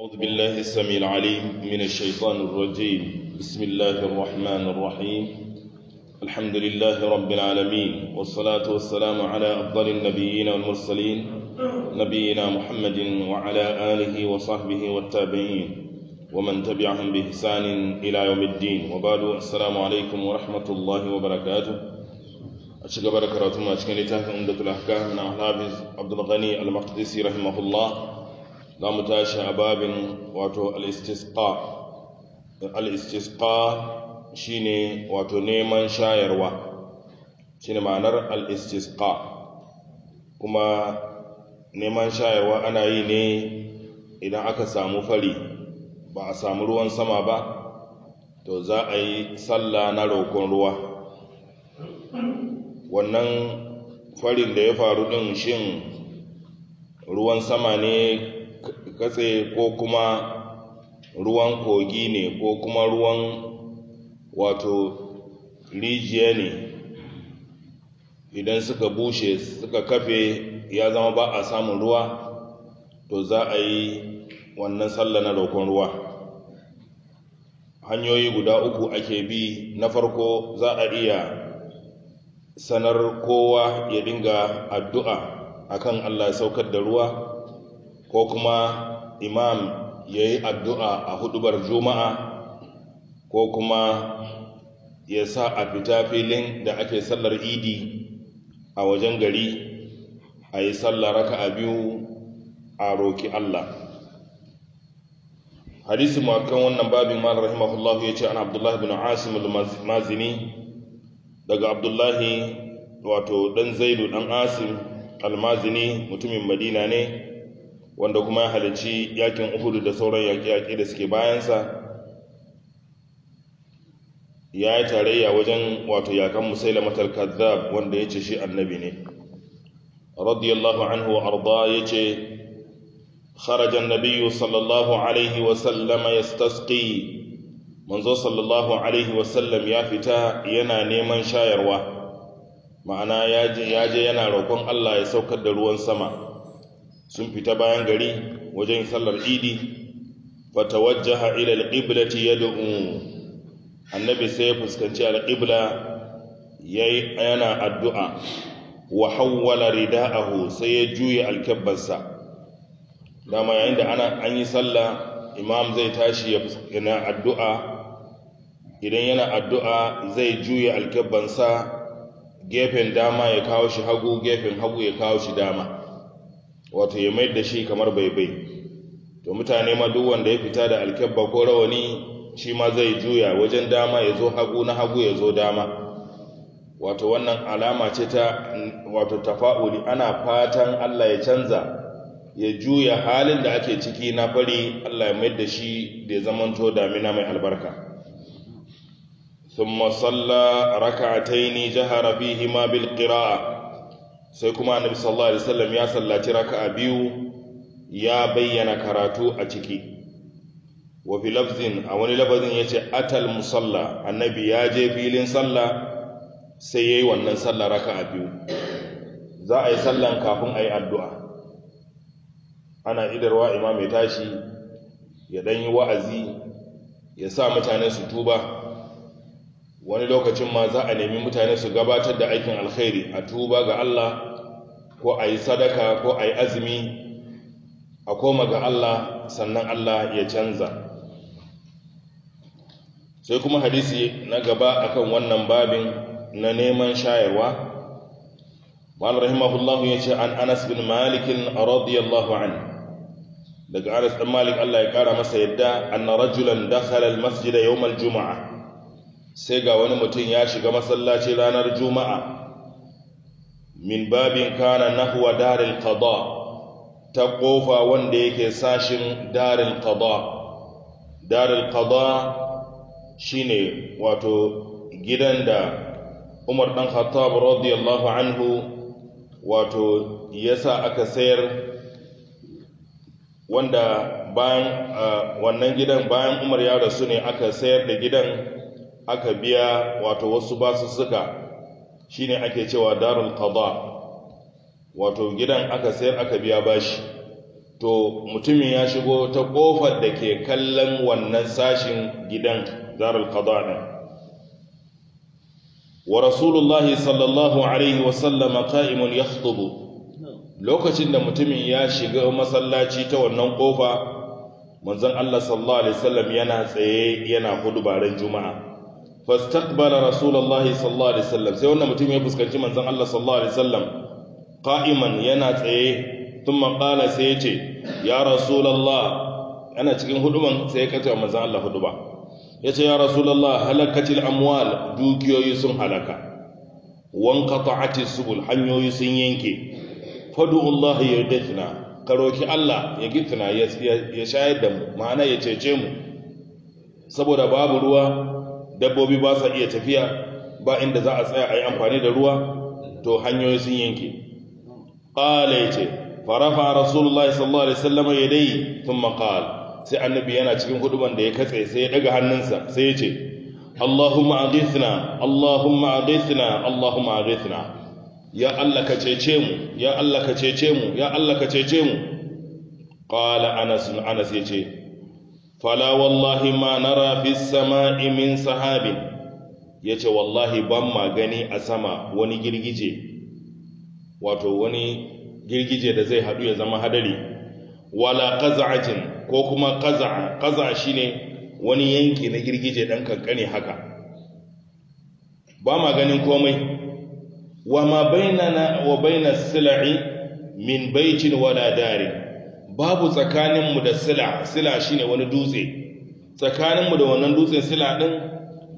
أعوذ بالله السميع العليم من الشيطان الرجيم بسم الله الرحمن الرحيم الحمد لله رب العالمين والصلاة والسلام على أفضل النبيين والمرسلين نبينا محمد وعلى آله وصحبه والتابعين ومن تبعهم بإحسان إلى يوم الدين وبعد السلام عليكم ورحمة الله وبركاته أشكر بركاته أشكر لتاك أمدة الأحكام من حافظ عبد الغني المقدسي رحمه الله za mu tashi a babin wato al-istisqa al wato neman shayarwa shi ne ma'anar al kuma neman shayarwa ana yi ne idan aka samu fari ba a samu ruwan sama ba to za a yi sallah na roƙon ruwa wannan farin da ya faru ɗin shin ruwan sama ne katse ko kuma ruwan kogi ne ko kuma ruwan wato rijiya ne idan suka bushe suka kafe ya zama ba a samun ruwa to za a yi wannan sallah na roƙon ruwa hanyoyi guda uku ake bi na farko za a iya sanar kowa ya dinga addu'a akan Allah saukar da ruwa ko kuma imam ya yi addu'a a hudubar juma'a ko kuma ya sa a fita filin da ake sallar idi a wajen gari a yi sallar raka a biyu a roƙi Allah hadisi makon wannan babin ma'ar rahimahullahu ya ce an abdullahi bin asim al-mazini daga abdullahi wato ɗan zaidu ɗan asim al-mazini mutumin madina ne wanda kuma ya halici yakin uhudu da sauran yaƙi-yaƙi da suke bayansa ya yi tarayya wajen wato yakan musaila matar kazzab wanda ya ce shi annabi ne radiyallahu anhu wa arda ya ce kharajan nabiyu sallallahu alaihi wa wasallama ya stasƙi manzo sallallahu alaihi wa sallam ya fita yana neman shayarwa ma'ana ya je yana roƙon allah ya saukar da ruwan sama sun fita bayan gari wajen sallar idi fatawajjaha ila alqiblati yad'u annabi sai ya fuskanci alqibla yayi yana addu'a wa hawwala rida'ahu sai ya juya alkabbarsa dama yayin da ana an yi sallah imam zai tashi ya yana addu'a idan yana addu'a zai juya alkabbansa gefen dama ya kawo shi hagu gefen hagu ya kawo shi dama wato ya mai da shi kamar baibai to mutane ma duk wanda ya fita da alkebba ko rawani shi ma zai juya wajen dama ya zo hagu na hagu ya zo dama wato wannan alama ce ta wato tafa'uli ana fatan Allah ya canza ya juya halin da ake ciki na fari Allah ya mai da shi da ya zamanto damina mai albarka ثم صلى ركعتين جهر فيهما بالقراءه sai kuma annabi sallallahu alaihi wasallam ya sallaci raka'a biyu ya bayyana karatu a ciki wa fi lafzin a wani lafazin ce atal musalla annabi ya je filin sallah sai yayi wannan sallah raka'a biyu za a yi sallan kafin a yi addu'a ana idarwa imam ya tashi ya dan yi wa'azi ya sa mutane su tuba wani lokacin ma za a nemi mutane su gabatar da aikin alkhairi a tuba ga Allah ko a yi sadaka ko a yi azumi a koma ga Allah sannan Allah ya canza sai kuma hadisi na gaba akan wannan babin na neman shayarwa ba'al rahimahullahu ya ce an anas bin malikin radiyallahu anhu daga anas ɗan malik Allah ya ƙara masa yadda anna rajulan dakhala almasjida yawm Juma'a. sai ga wani mutum ya shiga masallaci ranar juma'a min babin kana nahwa daril qada ta ƙofa wanda yake sashin daril qada daril qada shine wato gidan da Umar ɗan Khattab radiyallahu anhu wato yasa aka sayar wanda bayan wannan gidan bayan Umar ya rasu ne aka sayar da gidan aka biya wato wasu basussuka shine ake cewa darul qada wato gidan aka sayar aka biya bashi to mutumin ya shigo ta kofar da ke kallon wannan sashin gidan darul qada din wa rasulullahi sallallahu alaihi wa sallam qa'imun yakhutubu lokacin da mutumin ya shiga masallaci ta wannan kofa manzon Allah sallallahu alaihi wasallam yana tsaye yana hudubaran juma'a fastaqbala rasulullahi sallallahu alaihi wasallam sai wannan mutum ya fuskanci manzon Allah sallallahu alaihi wasallam qa'iman yana tsaye thumma qala sai yace ya rasulullah ana cikin huduman sai ya kace manzon Allah huduba yace ya rasulullah halakatil amwal dukiyoyi sun halaka wanqata'ati subul hanyoyi sun yanke fadu Allah ya dafina karoki Allah ya gifina ya shayar da mu ma'ana ya cece mu saboda babu ruwa dabbobi ba sa iya tafiya ba inda za a tsaya a yi amfani da ruwa to hanyoyi sun yanke ƙala ya ce farafa rasulullah sallallahu alaihi sallama ya dai sun maƙal sai annabi yana cikin huduban da ya katse sai ya daga hannunsa sai ya ce allahumma a gaisina allahumma a gaisina allahumma a gaisina ya allah ka cece mu ya allah ka cece mu ya allah ka cece mu qala anas anas ya ce fala wallahi ma nara fi sama'i min sahabin yace wallahi ban ma gani a sama wani girgije wato wani girgije da zai hadu ya zama hadari wala qaz'atin ko kuma qaz'a qaz'a shine wani yanki na girgije dan kankane haka ba ma ganin komai wa ma bainana wa bainas sil'i min baitin wala darin babu tsakaninmu da sila sila shi ne wani dutse tsakaninmu da wannan dutsen sila ɗin,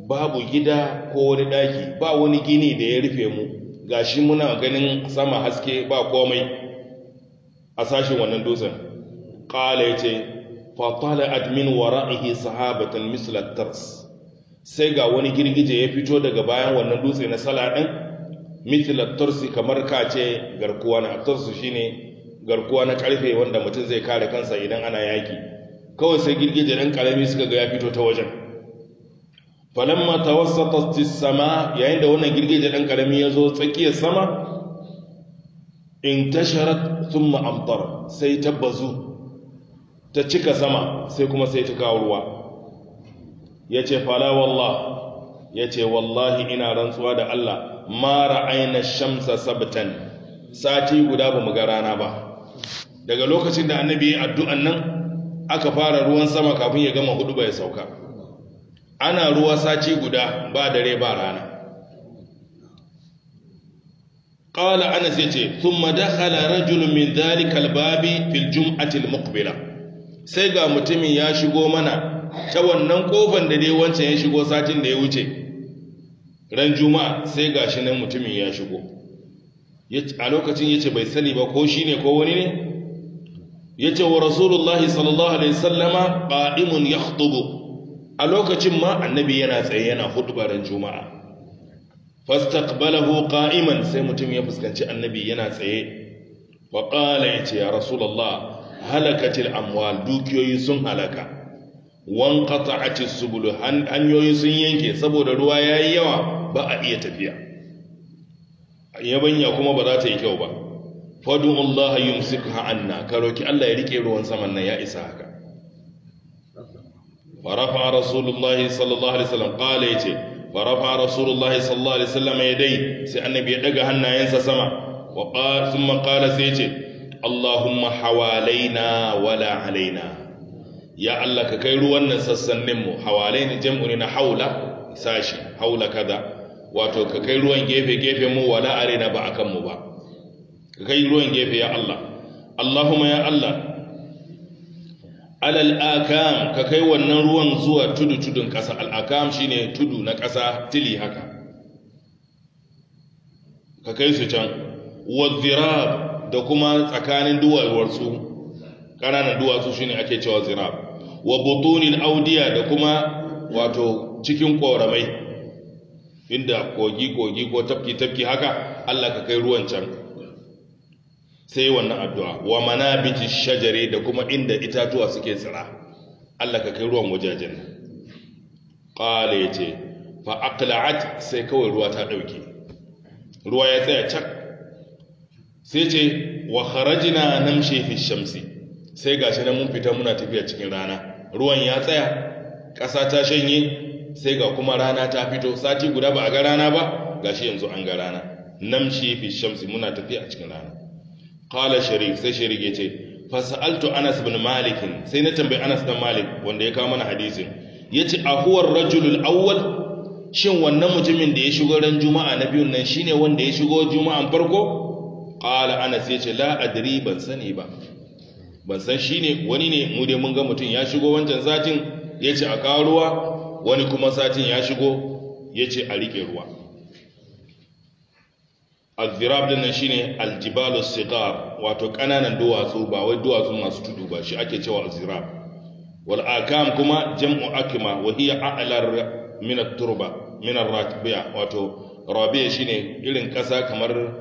babu gida ko wani ɗaki, ba wani gini da ya rufe mu gashi muna ganin sama haske ba komai a sashin wannan dutsen ya ce. fatala admin wa ra'ihi sahabatan misla sai ga wani girgije ya fito daga bayan wannan dutse na sala ɗin, mithla kamar kace garkuwa na tarsu shine garkuwa na karfe wanda mutum zai kare kansa idan ana yaki kawai sai girgije ɗan karami suka ga ya fito ta wajen falamma wasu as-sama yayin da wannan girgije dan karami ya zo tsakiyar sama intasharat thumma amtara sai ta bazu ta cika sama sai kuma sai ta kawo ruwa yace fala wallah yace wallahi ina rantsuwa da Allah Mara aina shamsa sabtan sati guda ba mu ga rana ba daga lokacin da annabi ya addu'an nan aka fara ruwan sama kafin ya gama hudu bai sauka ana ruwa sati guda ba dare ba rana qala anas yace thumma dakhala halarar min dhalika babi fil jum'ati mukbila sai ga mutumin ya shigo mana ta wannan kofan da dai wancan ya shigo satin da ya wuce ran juma'a sai ga shi nan mutumin ya shigo a lokacin yace bai sani ba ko shine ko wani ne yace wa rasulullahi sallallahu alaihi wasallama qa'imun yakhutubu a lokacin ma annabi yana tsaye yana hutubaran juma'a fastaqbalahu qa'iman sai mutum ya fuskanci annabi yana tsaye wa qala yace ya rasulullah halakatil amwal dukiyoyi sun halaka wanqata'atis subul hanyoyi sun yanke saboda ruwa yayi yawa ba a iya tafiya yabanya kuma ba za ta yi kyau ba fadu Allah yumsikha anna ka roki Allah ya rike ruwan saman nan ya isa haka farafa rasulullahi sallallahu alaihi wasallam qala yace farafa rasulullahi sallallahu alaihi wasallam yadai sai annabi ya daga hannayensa sama wa qala thumma qala sai yace Allahumma hawalaina wala alaina ya Allah ka kai ruwan nan sassanin mu hawalaina jam'u ne na haula sashi haula kaza wato ka kai ruwan gefe gefe mu wala arena ba akan mu ba ka kai ruwan gefe ya Allah Allahumma ya Allah alal akam ka kai wannan ruwan zuwa tudu tudun ƙasa al akam shine tudu na ƙasa tili haka ka kai su can wazirab da kuma tsakanin duwatsu ƙananan duwatsu shine ake cewa zirab wa butunil audiya da kuma wato cikin ƙoramai inda kogi kogi ko tafki tafki haka Allah ka kai ruwan can sai wannan addu'a wa manabiti shajari da kuma inda itatuwa suke tsira Allah ka kai ruwan wajajen nan qala yace fa aqla'at sai kawai ruwa ta dauke ruwa ya tsaya cak sai ce wa kharajna namshi fi shamsi sai gashi nan mun fita muna tafiya cikin rana ruwan ya tsaya ƙasa ta shanye sai ga kuma rana ta fito sati guda ba a ga rana ba gashi yanzu an ga rana namshi fi shamsi muna tafiya a cikin rana qala sharif sai sharif yace fa sa'altu anas bin malik sai na tambayi anas dan malik wanda ya kawo mana hadisin yace a huwar rajulul awwal shin wannan mutumin da ya shigo ran juma'a na biyun nan shine wanda ya shigo juma'an farko qala anas yace la adri ban sani ba ban san shine wani ne mu dai mun ga mutum ya shigo wancan satin yace a kawo ruwa wani kuma satin ya shigo ya ce a rike ruwa al-zirab din nan shine al-jibalu sigar wato kananan duwatsu ba wai duwatsu masu tudu ba shi ake cewa al-zirab wal akam kuma jam'u akima wa hiya a'lar min at-turba min ar-ratbiya wato rabiya shine irin kasa kamar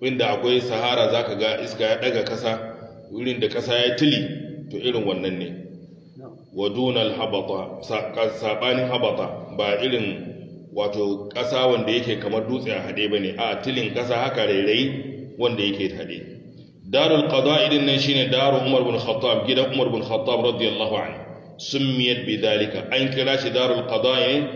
inda akwai sahara zaka ga iska ya daga kasa irin da kasa ya tili to irin wannan ne wa dunal habata sabanin habata ba irin wato ƙasa wanda yake kamar dutse a haɗe bane a tilin ƙasa haka rairayi wanda yake haɗe darul qada idin nan shine daru umar bin khattab gidan umar bin khattab radiyallahu anhu summiyat bidalika an kira shi darul qada'i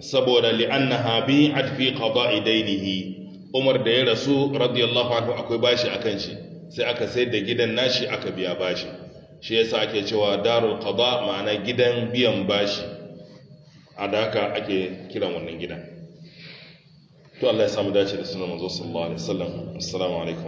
saboda li'annaha bi'at fi qada'i dainihi umar da ya rasu radiyallahu anhu akwai bashi akan shi sai aka sayar da gidan nashi aka biya bashi shi yasa ake cewa darul qada ma'ana gidan biyan bashi adaka ake kira wannan gidan to Allah ya samu dace da sunan manzo sallallahu alaihi wasallam assalamu alaikum